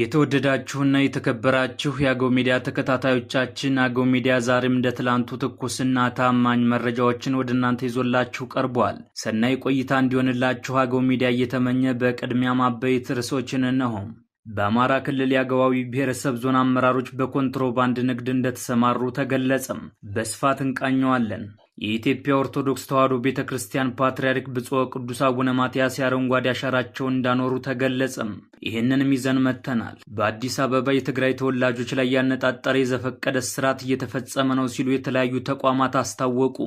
የተወደዳችሁና የተከበራችሁ የአገው ሚዲያ ተከታታዮቻችን አገው ሚዲያ ዛሬም እንደ ትላንቱ ትኩስና ታማኝ መረጃዎችን ወደ እናንተ ይዞላችሁ ቀርቧል። ሰናይ ቆይታ እንዲሆንላችሁ አገው ሚዲያ እየተመኘ በቅድሚያ ማበይት ርዕሶችን እነሆም በአማራ ክልል የአገባዊ ብሔረሰብ ዞን አመራሮች በኮንትሮባንድ ንግድ እንደተሰማሩ ተገለጸም። በስፋት እንቃኘዋለን። የኢትዮጵያ ኦርቶዶክስ ተዋሕዶ ቤተ ክርስቲያን ፓትርያርክ ብፁዕ ቅዱስ አቡነ ማትያስ የአረንጓዴ አሻራቸው እንዳኖሩ ተገለጸም። ይህንንም ይዘን መጥተናል። በአዲስ አበባ የትግራይ ተወላጆች ላይ ያነጣጠረ የዘፈቀደ ስርዓት እየተፈጸመ ነው ሲሉ የተለያዩ ተቋማት አስታወቁ።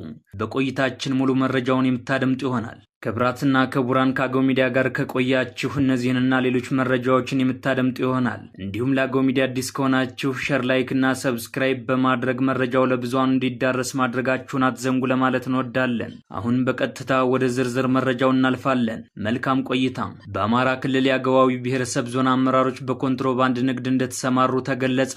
በቆይታችን ሙሉ መረጃውን የምታደምጡ ይሆናል። ከብራትና ክቡራን ከአገው ሚዲያ ጋር ከቆያችሁ እነዚህንና ሌሎች መረጃዎችን የምታደምጡ ይሆናል። እንዲሁም ለአገው ሚዲያ አዲስ ከሆናችሁ ሸር፣ ላይክና ሰብስክራይብ በማድረግ መረጃው ለብዙን እንዲዳረስ ማድረጋችሁን አትዘንጉ። አዘንጉ ለማለት እንወዳለን። አሁን በቀጥታ ወደ ዝርዝር መረጃው እናልፋለን። መልካም ቆይታ። በአማራ ክልል የአገባዊ ብሔረሰብ ዞን አመራሮች በኮንትሮባንድ ንግድ እንደተሰማሩ ተገለጸ።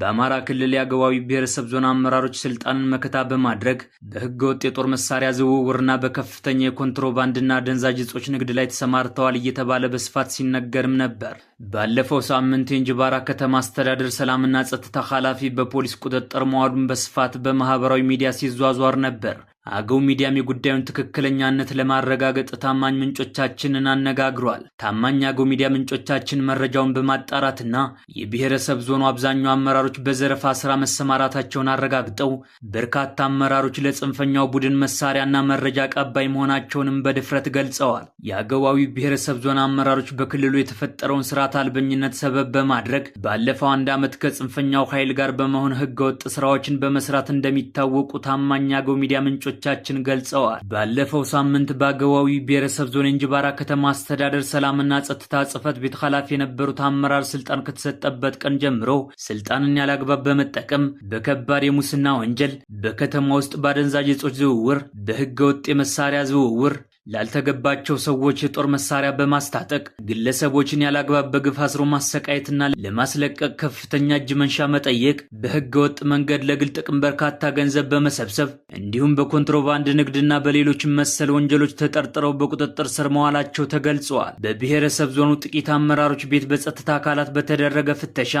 በአማራ ክልል የአገባዊ ብሔረሰብ ዞን አመራሮች ስልጣንን መከታ በማድረግ በህገወጥ የጦር መሳሪያ ዝውውርና በከፍተኛ የኮንትሮባንድና ደንዛዥ እጾች ንግድ ላይ ተሰማርተዋል እየተባለ በስፋት ሲነገርም ነበር። ባለፈው ሳምንት የእንጅባራ ከተማ አስተዳደር ሰላምና ጸጥታ ኃላፊ በፖሊስ ቁጥጥር መዋሉን በስፋት በማህበራዊ ሚዲያ ሲዟዟር ነበር። አገው ሚዲያም የጉዳዩን ትክክለኛነት ለማረጋገጥ ታማኝ ምንጮቻችንን አነጋግሯል። ታማኝ አገው ሚዲያ ምንጮቻችን መረጃውን በማጣራትና የብሔረሰብ ዞኑ አብዛኛው አመራሮች በዘረፋ ስራ መሰማራታቸውን አረጋግጠው በርካታ አመራሮች ለጽንፈኛው ቡድን መሳሪያና መረጃ ቀባይ መሆናቸውንም በድፍረት ገልጸዋል። የአገዋዊ ብሔረሰብ ዞን አመራሮች በክልሉ የተፈጠረውን ስርዓት አልበኝነት ሰበብ በማድረግ ባለፈው አንድ ዓመት ከጽንፈኛው ኃይል ጋር በመሆን ህገወጥ ስራዎችን በመስራት እንደሚታወቁ ታማኝ አገው ሚዲያ ምንጮ ምንጮቻችን ገልጸዋል። ባለፈው ሳምንት በአገዋዊ ብሔረሰብ ዞን እንጅባራ ከተማ አስተዳደር ሰላምና ጸጥታ ጽሕፈት ቤት ኃላፊ የነበሩት አመራር ስልጣን ከተሰጠበት ቀን ጀምሮ ስልጣንን ያላግባብ በመጠቀም በከባድ የሙስና ወንጀል፣ በከተማ ውስጥ በአደንዛዥ እጾች ዝውውር፣ በህገ ወጥ የመሳሪያ ዝውውር ላልተገባቸው ሰዎች የጦር መሳሪያ በማስታጠቅ ግለሰቦችን ያላግባብ በግፍ አስሮ ማሰቃየትና ለማስለቀቅ ከፍተኛ እጅ መንሻ መጠየቅ፣ በህገ ወጥ መንገድ ለግል ጥቅም በርካታ ገንዘብ በመሰብሰብ እንዲሁም በኮንትሮባንድ ንግድና በሌሎች መሰል ወንጀሎች ተጠርጥረው በቁጥጥር ስር መዋላቸው ተገልጸዋል። በብሔረሰብ ዞኑ ጥቂት አመራሮች ቤት በጸጥታ አካላት በተደረገ ፍተሻ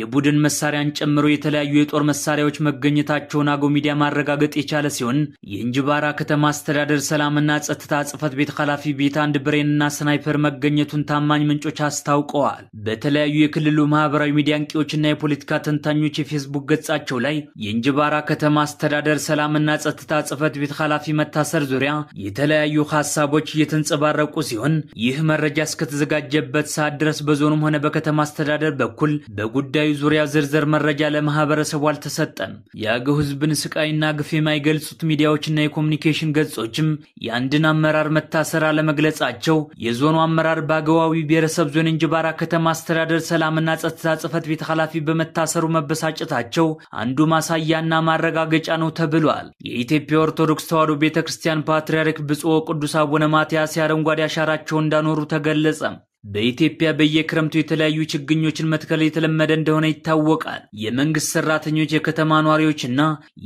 የቡድን መሳሪያን ጨምሮ የተለያዩ የጦር መሳሪያዎች መገኘታቸውን አገው ሚዲያ ማረጋገጥ የቻለ ሲሆን የእንጅባራ ከተማ አስተዳደር ሰላምና ጸጥታ ጽህፈት ቤት ኃላፊ ቤት አንድ ብሬንና ስናይፐር መገኘቱን ታማኝ ምንጮች አስታውቀዋል። በተለያዩ የክልሉ ማህበራዊ ሚዲያ አንቂዎችና የፖለቲካ ተንታኞች የፌስቡክ ገጻቸው ላይ የእንጅባራ ከተማ አስተዳደር ሰላምና ጸጥታ ጽህፈት ቤት ኃላፊ መታሰር ዙሪያ የተለያዩ ሀሳቦች እየተንጸባረቁ ሲሆን ይህ መረጃ እስከተዘጋጀበት ሰዓት ድረስ በዞኑም ሆነ በከተማ አስተዳደር በኩል በጉዳዩ ዙሪያ ዝርዝር መረጃ ለማህበረሰቡ አልተሰጠም። የአገው ህዝብን ስቃይና ግፍ የማይገልጹት ሚዲያዎችና የኮሚኒኬሽን ገጾችም የአንድን አመራር አመራር መታሰር አለመግለጻቸው የዞኑ አመራር በአገዋዊ ብሔረሰብ ዞን እንጅባራ ከተማ አስተዳደር ሰላምና ጸጥታ ጽፈት ቤት ኃላፊ በመታሰሩ መበሳጨታቸው አንዱ ማሳያና ማረጋገጫ ነው ተብሏል። የኢትዮጵያ ኦርቶዶክስ ተዋሕዶ ቤተ ክርስቲያን ፓትርያርክ ብፁዕ ቅዱስ አቡነ ማትያስ የአረንጓዴ አሻራቸው እንዳኖሩ ተገለጸም። በኢትዮጵያ በየክረምቱ የተለያዩ ችግኞችን መትከል የተለመደ እንደሆነ ይታወቃል። የመንግስት ሰራተኞች፣ የከተማ እና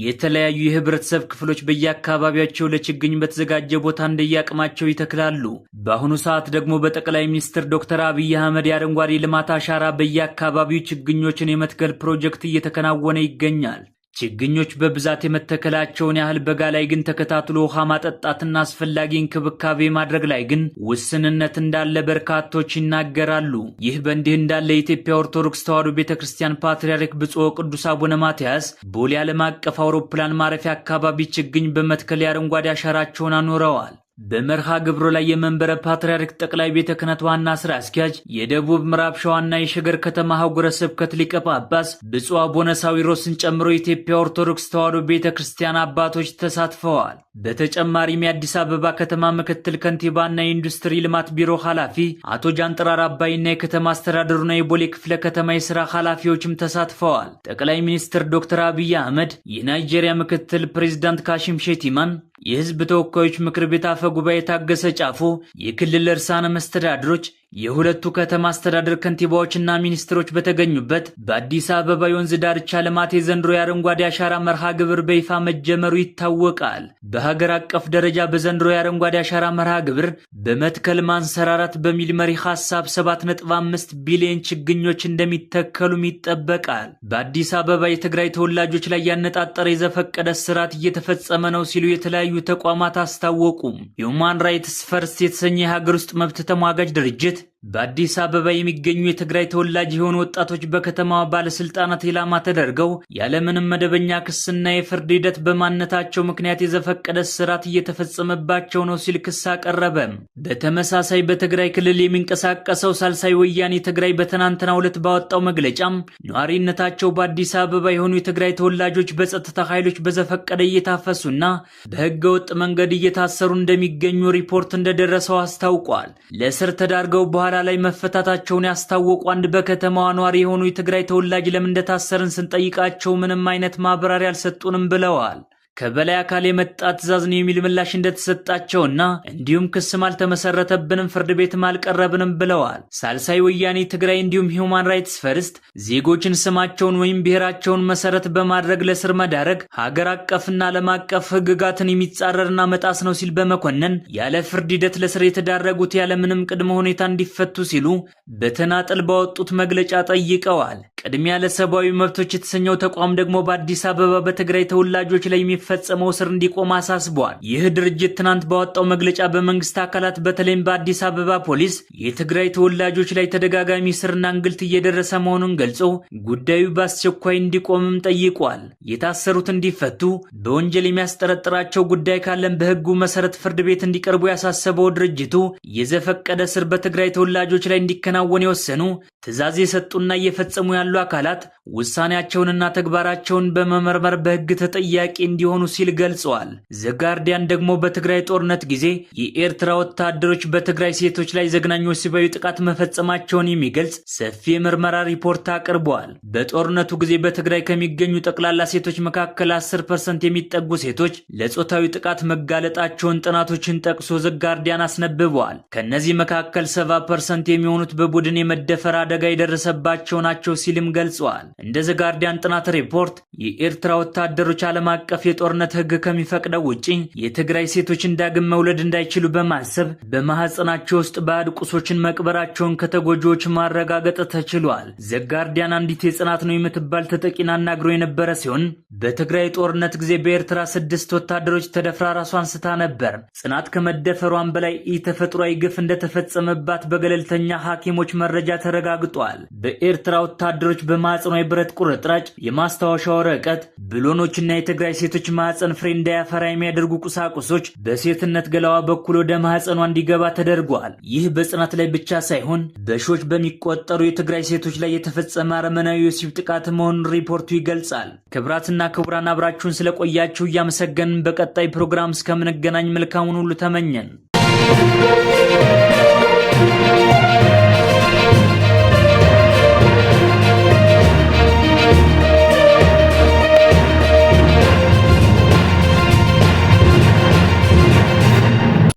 የተለያዩ የህብረተሰብ ክፍሎች በየአካባቢያቸው ለችግኝ በተዘጋጀ ቦታ እንደየአቅማቸው ይተክላሉ። በአሁኑ ሰዓት ደግሞ በጠቅላይ ሚኒስትር ዶክተር አብይ አህመድ የአረንጓዴ ልማት አሻራ በየአካባቢው ችግኞችን የመትከል ፕሮጀክት እየተከናወነ ይገኛል። ችግኞች በብዛት የመተከላቸውን ያህል በጋ ላይ ግን ተከታትሎ ውሃ ማጠጣትና አስፈላጊ እንክብካቤ ማድረግ ላይ ግን ውስንነት እንዳለ በርካቶች ይናገራሉ። ይህ በእንዲህ እንዳለ የኢትዮጵያ ኦርቶዶክስ ተዋሕዶ ቤተ ክርስቲያን ፓትርያርክ ብፁዕ ቅዱስ አቡነ ማትያስ ቦሌ ዓለም አቀፍ አውሮፕላን ማረፊያ አካባቢ ችግኝ በመትከል የአረንጓዴ አሻራቸውን አኖረዋል። በመርሃ ግብሩ ላይ የመንበረ ፓትርያርክ ጠቅላይ ቤተ ክህነት ዋና ስራ አስኪያጅ የደቡብ ምዕራብ ሸዋና የሸገር ከተማ ሀገረ ስብከት ሊቀ ጳጳስ ብፁዕ አቡነ ሳዊሮስን ጨምሮ የኢትዮጵያ ኦርቶዶክስ ተዋሕዶ ቤተ ክርስቲያን አባቶች ተሳትፈዋል። በተጨማሪም የአዲስ አበባ ከተማ ምክትል ከንቲባና የኢንዱስትሪ ልማት ቢሮ ኃላፊ አቶ ጃንጥራር አባይና የከተማ አስተዳደሩና የቦሌ ክፍለ ከተማ የስራ ኃላፊዎችም ተሳትፈዋል። ጠቅላይ ሚኒስትር ዶክተር አብይ አህመድ የናይጄሪያ ምክትል ፕሬዚዳንት ካሽም ሼቲማን የህዝብ ተወካዮች ምክር ቤት አፈ ጉባኤ ታገሰ ጫፎ፣ የክልል እርሳነ መስተዳድሮች የሁለቱ ከተማ አስተዳደር ከንቲባዎችና ሚኒስትሮች በተገኙበት በአዲስ አበባ የወንዝ ዳርቻ ልማት የዘንድሮ የአረንጓዴ አሻራ መርሃ ግብር በይፋ መጀመሩ ይታወቃል። በሀገር አቀፍ ደረጃ በዘንድሮ የአረንጓዴ አሻራ መርሃ ግብር በመትከል ማንሰራራት በሚል መሪ ሀሳብ 7.5 ቢሊዮን ችግኞች እንደሚተከሉም ይጠበቃል። በአዲስ አበባ የትግራይ ተወላጆች ላይ ያነጣጠረ የዘፈቀደ ስርዓት እየተፈጸመ ነው ሲሉ የተለያዩ ተቋማት አስታወቁም። ሁማን ራይትስ ፈርስት የተሰኘ የሀገር ውስጥ መብት ተሟጋጅ ድርጅት በአዲስ አበባ የሚገኙ የትግራይ ተወላጅ የሆኑ ወጣቶች በከተማዋ ባለስልጣናት ኢላማ ተደርገው ያለምንም መደበኛ ክስና የፍርድ ሂደት በማንነታቸው ምክንያት የዘፈቀደ እስራት እየተፈጸመባቸው ነው ሲል ክስ አቀረበ። በተመሳሳይ በትግራይ ክልል የሚንቀሳቀሰው ሳልሳይ ወያኔ ትግራይ በትናንትናው ዕለት ባወጣው መግለጫም ነዋሪነታቸው በአዲስ አበባ የሆኑ የትግራይ ተወላጆች በጸጥታ ኃይሎች በዘፈቀደ እየታፈሱና በህገ ወጥ መንገድ እየታሰሩ እንደሚገኙ ሪፖርት እንደደረሰው አስታውቋል። ለእስር ተዳርገው በኋላ በኋላ ላይ መፈታታቸውን ያስታወቁ አንድ በከተማዋ ኗሪ የሆኑ የትግራይ ተወላጅ ለምን እንደታሰርን ስንጠይቃቸው ምንም አይነት ማብራሪያ አልሰጡንም ብለዋል። ከበላይ አካል የመጣ ትእዛዝ ነው የሚል ምላሽ እንደተሰጣቸውና እንዲሁም ክስም አልተመሰረተብንም፣ ፍርድ ቤትም አልቀረብንም ብለዋል። ሳልሳይ ወያኔ ትግራይ እንዲሁም ሂውማን ራይትስ ፈርስት ዜጎችን ስማቸውን ወይም ብሔራቸውን መሰረት በማድረግ ለስር መዳረግ ሀገር አቀፍና ዓለም አቀፍ ህግጋትን የሚጻረርና መጣስ ነው ሲል በመኮነን ያለ ፍርድ ሂደት ለስር የተዳረጉት ያለምንም ቅድመ ሁኔታ እንዲፈቱ ሲሉ በተናጠል ባወጡት መግለጫ ጠይቀዋል። ቅድሚያ ለሰብአዊ መብቶች የተሰኘው ተቋም ደግሞ በአዲስ አበባ በትግራይ ተወላጆች ላይ የሚፈጸመው ስር እንዲቆም አሳስቧል። ይህ ድርጅት ትናንት ባወጣው መግለጫ በመንግስት አካላት በተለይም በአዲስ አበባ ፖሊስ የትግራይ ተወላጆች ላይ ተደጋጋሚ ስርና እንግልት እየደረሰ መሆኑን ገልጾ ጉዳዩ በአስቸኳይ እንዲቆምም ጠይቋል። የታሰሩት እንዲፈቱ፣ በወንጀል የሚያስጠረጥራቸው ጉዳይ ካለን በህጉ መሰረት ፍርድ ቤት እንዲቀርቡ ያሳሰበው ድርጅቱ የዘፈቀደ ስር በትግራይ ተወላጆች ላይ እንዲከናወን የወሰኑ ትዕዛዝ የሰጡና እየፈጸሙ ያሉ ያሉ አካላት ውሳኔያቸውንና ተግባራቸውን በመመርመር በሕግ ተጠያቂ እንዲሆኑ ሲል ገልጸዋል። ዘጋርዲያን ደግሞ በትግራይ ጦርነት ጊዜ የኤርትራ ወታደሮች በትግራይ ሴቶች ላይ ዘግናኝ ወሲባዊ ጥቃት መፈጸማቸውን የሚገልጽ ሰፊ የምርመራ ሪፖርት አቅርበዋል። በጦርነቱ ጊዜ በትግራይ ከሚገኙ ጠቅላላ ሴቶች መካከል 10 ፐርሰንት የሚጠጉ ሴቶች ለጾታዊ ጥቃት መጋለጣቸውን ጥናቶችን ጠቅሶ ዘጋርዲያን አስነብበዋል። ከእነዚህ መካከል 70 ፐርሰንት የሚሆኑት በቡድን የመደፈር አደጋ የደረሰባቸው ናቸው ሲል ሲልም ገልጸዋል። እንደ ዘጋርዲያን ጥናት ሪፖርት የኤርትራ ወታደሮች ዓለም አቀፍ የጦርነት ሕግ ከሚፈቅደው ውጪ የትግራይ ሴቶችን ዳግም መውለድ እንዳይችሉ በማሰብ በማህፀናቸው ውስጥ ባዕድ ቁሶችን መቅበራቸውን ከተጎጂዎች ማረጋገጥ ተችሏል። ዘጋርዲያን አንዲት የጽናት ነው የምትባል ተጠቂን አናግሮ የነበረ ሲሆን በትግራይ ጦርነት ጊዜ በኤርትራ ስድስት ወታደሮች ተደፍራ ራሷን አንስታ ነበር። ጽናት ከመደፈሯን በላይ ኢተፈጥሯዊ ግፍ እንደተፈጸመባት በገለልተኛ ሐኪሞች መረጃ ተረጋግጧል። በኤርትራ ወታደሮች ወታደሮች በማጽኖ የብረት ቁርጥራጭ፣ የማስታወሻ ወረቀት፣ ብሎኖችና የትግራይ ሴቶች ማጽን ፍሬ እንዳያፈራ የሚያደርጉ ቁሳቁሶች በሴትነት ገላዋ በኩል ወደ ማጽኗ እንዲገባ ተደርገዋል። ይህ በጽናት ላይ ብቻ ሳይሆን በሺዎች በሚቆጠሩ የትግራይ ሴቶች ላይ የተፈጸመ አረመናዊ የወሲብ ጥቃት መሆኑን ሪፖርቱ ይገልጻል። ክብራትና ክቡራን አብራችሁን ስለቆያችሁ እያመሰገንን በቀጣይ ፕሮግራም እስከምንገናኝ መልካሙን ሁሉ ተመኘን።